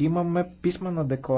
Имаме писмена декларация.